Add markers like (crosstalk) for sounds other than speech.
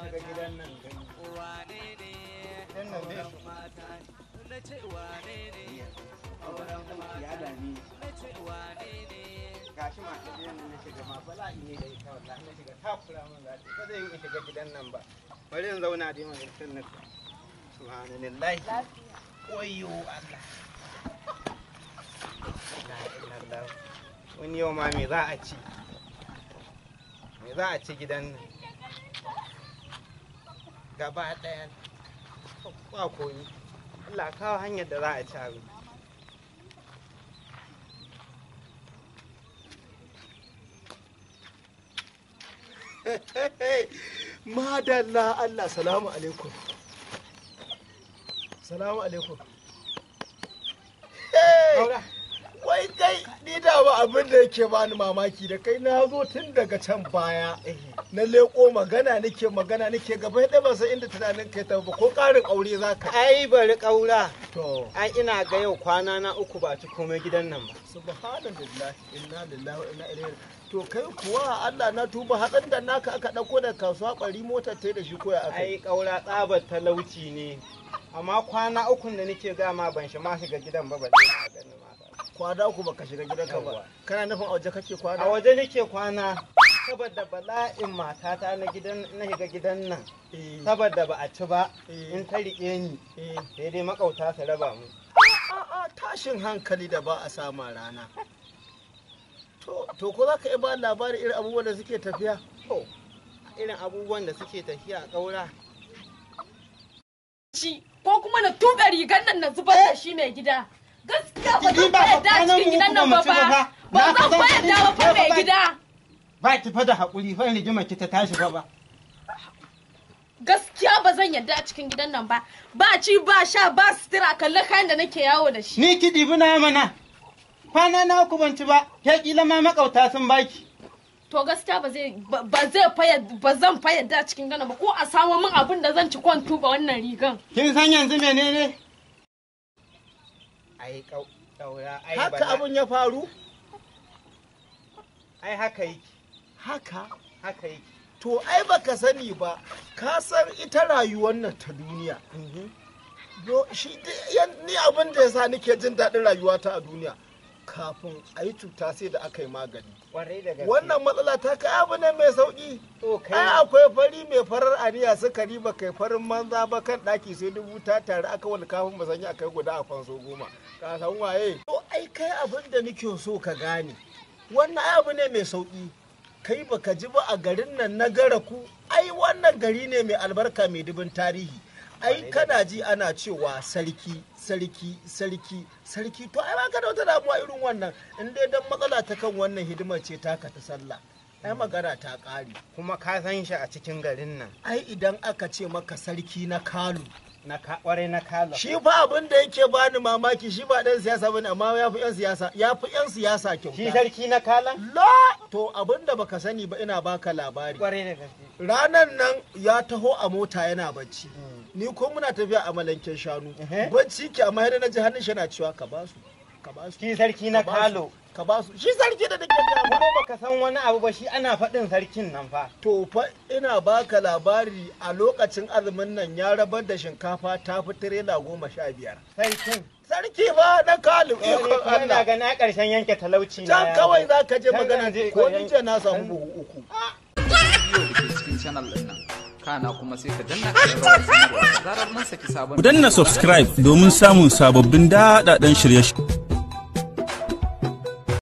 shiga gidan nan wane ne gidan nan dai na ce wane ne ya dami na ce wane ne gashi mata gidan nan na shiga ma bala'i ne da ita wallahi na shiga ta kula min za ta zai yi shiga gidan nan ba bari in zauna da yawan yankin nan subhanallahi koyo Allah wani yau ma me za a ci me za a ci gidan nan gaba ɗaya ba koyi Allah kawo hanyar da za a ci (laughs) madalla Allah salamu alaikum salamu alaikum dama abin da yake bani mamaki da kai na zo tun daga can baya na leko magana nake magana nake gaba ɗaya ba sai inda tunanin kai ta ba ko ƙarin aure za ka ai bari ƙaura to ai ina ga yau kwana na uku ba ci komai gidan nan ba subhanallahi inna lillahi wa inna ilaihi to kai kuwa Allah na tuba hadan da naka aka ɗauko da kasuwa bari motar ta da shi koya aka ai ƙaura tsabar talauci ne amma kwana ukun da nake gama ban shi ma shiga gidan ba ba kwada ku baka shiga gidanka ba kana nufin a waje kake kwana a waje nake kwana saboda bala'in matata na gidan na shiga gidan nan eh. saboda ba a ci ba eh. in ta rike ni eh. sai dai makauta su raba mu a'a tashin hankali da ba a sama rana to ko za ka iya ba labarin irin abubuwan da suke tafiya irin abubuwan da suke tafiya a ƙaura ko kuma na tuɓe rigar nan na zubar da shi mai gida Gaskiya ba zan yadda cikin gidan nan ba Ba zan ba fa mai gida. Ba ki fa da rigima ki ta tashi ba. Gaskiya ba zan a cikin gidan nan ba. Ba ci ba sha ba sutura kalli kayan da nake yawo da shi. Ni ki dibi na mana. Kwana na ku ban ci ba. Ya kila ma makauta sun baki. to gaskiya ba zai ba zai ba zan fayyada cikin gana ba ko a samu min abin da zan ci kwan tuba wannan rigan kin san yanzu menene ai haka abun ya faru ai haka yake haka haka yake to ai baka sani ba ka san ita rayuwar nan ta duniya mm-hmm. ni abin da ya sa nake jin daɗin rayuwata a duniya kafin a yi cuta sai da aka yi magani wannan matsala ta kai abu ne mai sauki ai akwai fari mai farar aniya sukari ba kai farin manza ba kan daki sai dubu ta tare aka wani kafin musanya akai guda a kwanso goma ka san waye to ai kai abin da nike so ka gane wannan ai abu ne mai sauki kai baka ji ba a garin nan na gara ku ai wannan gari ne mai albarka mai dubin tarihi ai kana ji ana cewa sarki sarki sarki sarki to ai baka da wata damuwa irin wannan in dai dan matsala ta kan wannan hidimar ce taka ta sallah ai magana ta ƙare kuma ka san shi a cikin garin nan ai idan aka ce maka sarki na kalu na kware na kalu shi fa abin da yake bani mamaki shi ba dan siyasa bane amma ya fi yan siyasa ya fi yan siyasa kyauta shi sarki na kalan lo to abin da baka sani ba ina baka labari kware da gaske ranan nan ya taho a mota yana bacci mm. ni ko muna tafiya a malanken shanu bacci ke amma yadda na ji hannun shi na cewa ka ba su ka ba su shi sarki na kalo ka ba su shi sarki da nake gaya kuma baka san wani abu ba shi ana faɗin sarkin nan fa to fa ina baka labari a lokacin azumin nan ya rabar da shinkafa ta fi tirela goma sha biyar sarkin sarki ba na kalo, eh, eh, ikon Allah na ga na karshen yanke talauci na can kawai za ka je magana ko ni je na samu buhu uku ah! channel din nan kana kuma sai ka danna mun saki sabon ku danna subscribe domin samun sababbin daɗaɗɗen shirye-shirye